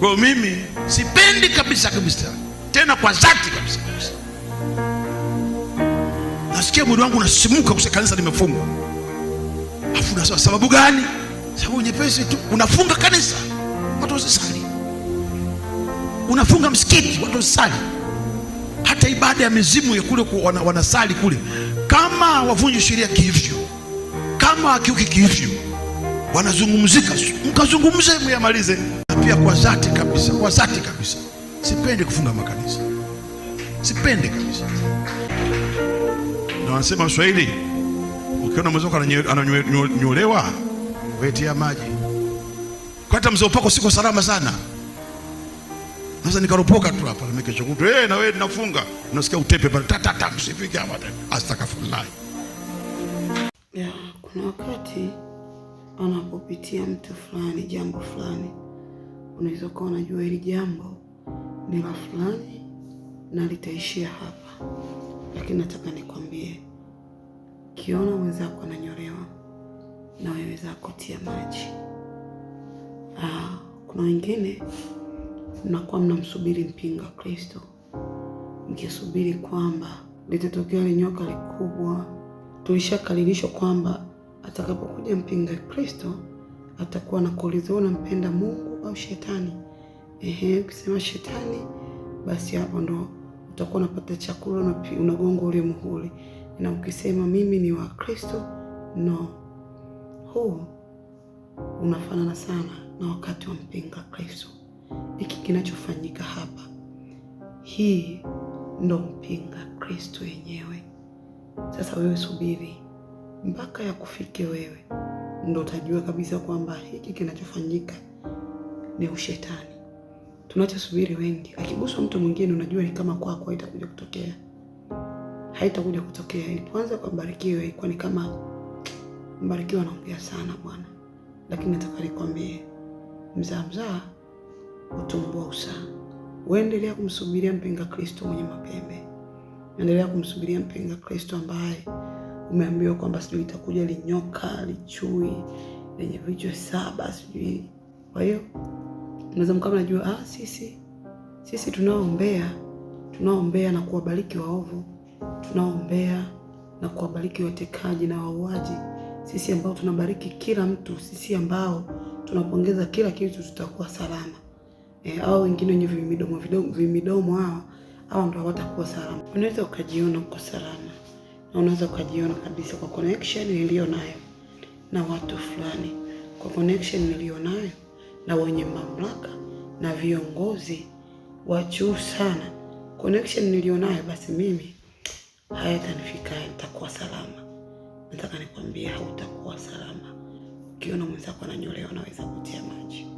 Kwa mimi sipendi kabisa kabisa, tena kwa dhati kabisa kabisa. Nasikia mwili wangu unasimuka kwa kanisa limefungwa. Afu nasema sababu gani? Sababu nyepesi tu, unafunga kanisa watu wasisali, unafunga msikiti watu wasisali, hata ibada ya mizimu ya kule wanasali kule, kama wavunji sheria kihivyo, kama wakiuki kihivyo, wanazungumzika, mkazungumze muyamalize nakwambia kwa dhati kabisa, kwa dhati kabisa, sipendi kufunga makanisa, sipendi kabisa. Na wanasema Waswahili, ukiona mwenzako ananyolewa wetia maji. kwa Hata mzee upako siko salama sana, naweza nikaropoka tu hapa mekeshokutu. Hey, eh, na wewe nafunga, unasikia utepe pale tatata, usifike hapa tena, astaghfirullah. Ya, kuna wakati anapopitia mtu fulani jambo fulani unaweza kuwa unajua hili jambo ni la fulani na litaishia hapa, lakini nataka nikwambie, kiona mwenzako ananyolewa na wewe zako tia maji. Aa, ah, kuna wengine mnakuwa mnamsubiri mpinga Kristo mkisubiri kwamba litatokea linyoka likubwa. Tulishakaririshwa kwamba atakapokuja mpinga Kristo atakuwa na kolizona mpenda Mungu au shetani. Ehe, ukisema shetani, basi hapo ndo utakuwa unapata chakula, unagonga ule muhuri. Na ukisema mimi ni wa Kristo, no, huu unafanana sana na wakati wa mpinga Kristo. Hiki kinachofanyika hapa, hii ndo mpinga Kristo yenyewe. Sasa wewe subiri mpaka ya kufike wewe, ndo utajua kabisa kwamba hiki kinachofanyika ni ushetani. Tunachosubiri wengi, akiguswa mtu mwingine, unajua ni kama kwako kwa haitakuja kutokea, haitakuja kutokea. Kwanza kwa Mbarikiwe ilikuwa ni kama Mbarikiwa anaongea sana bwana, lakini nataka nikwambie, mzaa mzaa utumbua usaa. Waendelea kumsubiria mpinga Kristo mwenye mapembe, endelea kumsubiria mpinga Kristo ambaye umeambiwa kwamba sijui itakuja linyoka lichui lenye vichwa saba sijui. Kwa hiyo Mnaweza mkawa mnajua ah, sisi sisi tunaoombea tunaoombea na kuwabariki waovu, tunaoombea na kuwabariki watekaji na wauaji, sisi ambao tunabariki kila mtu, sisi ambao tunapongeza kila kitu, tutakuwa salama. E, eh, au wengine wenye vimidomo vidogo vimidomo, hawa hawa ndio watakuwa salama. Unaweza ukajiona uko salama na unaweza ukajiona kabisa kwa connection niliyo nayo na watu fulani, kwa connection niliyo nayo na wenye mamlaka na viongozi wa juu sana. Connection nilionayo basi mimi hayatanifika, nitakuwa salama. Nataka nikwambie, hautakuwa salama. Ukiona mwenzako ananyolewa, unaweza kutia maji.